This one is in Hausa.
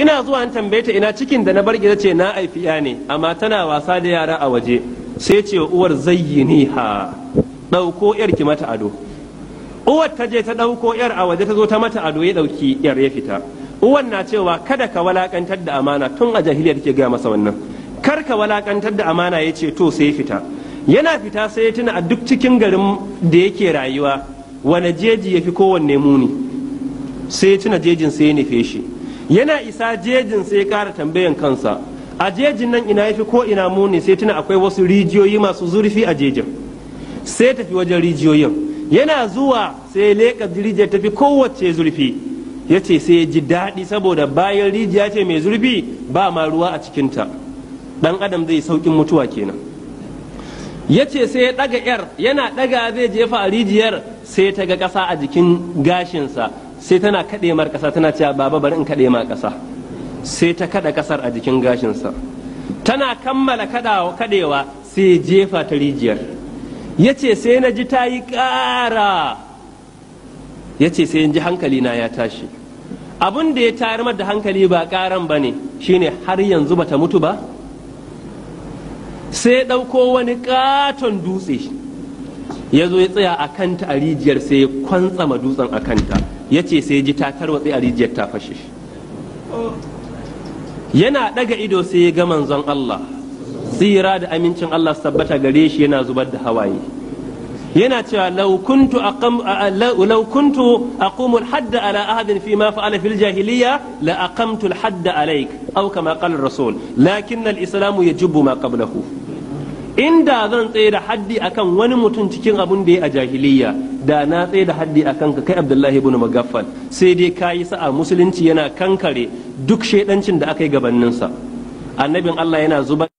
ina zuwa an tambaye ta ina cikin da na bar gida ce na haifi ya ne amma tana wasa da yara a waje sai ce wa uwar zayyini ha ɗauko yar ki mata ado uwar ta je ta ɗauko yar a waje ta zo ta mata ado ya ɗauki yar ya fita uwar na cewa kada ka walakantar da amana tun a jahiliya ke gaya masa wannan kar ka walakantar da amana ya ce to sai fita yana fita sai ya tuna a duk cikin garin da yake rayuwa wane jeji ya fi kowanne muni sai ya tuna jejin sai ya nufe shi yana isa jejin sai ya kara tambayan kansa a jejin nan ina yafi ko ina muni sai tuna akwai wasu rijiyoyi masu zurfi a jejin sai tafi wajen rijiyoyin yana zuwa sai leƙa rijiyar tafi kowace zurfi ya ce sai ya ji daɗi saboda bayan rijiya ce mai zurfi ba ma ruwa a cikinta ɗan adam zai sauƙin mutuwa kenan ya ce sai ya ɗaga yar yana ɗaga zai jefa a rijiyar sai ta ga ƙasa a jikin gashinsa sai tana kaɗe mar ƙasa tana cewa baba bari in kaɗe ma ƙasa sai ta kaɗa ƙasar a jikin gashinsa tana kammala kaɗewa sai jefa ta rijiyar ya ce sai na ji ta yi ƙara ya ce sai ji hankali na ya tashi abin da ya tayar da hankali ba ƙaran ba ne shine har yanzu bata mutu ba sai ɗauko wani ƙaton dutse ya zo ya tsaya a kanta a rijiyar sai ya kwantsama dutsen a kanta ya ce sai ji ta tarwatse a rijiyar ta fashe yana ɗaga ido sai ya ga manzon Allah tsira da amincin Allah tabbata gare shi yana zubar da hawaye yana cewa laukuntu kuntu aqumu ala ahadin fi ma fa'ala fil jahiliyya la aqamtu al-hadd alayk aw kama qala ar-rasul lakin al-islamu yajibu ma qablahu inda zan tsaye da haddi akan wani mutum cikin abun da ya a jahiliya da na tsaye da haddi akan ka kai abdullahi ibn magaffal sai dai kayi sa'a musulunci yana kankare duk shaidancin da aka yi gabaninsa annabin allah yana zubar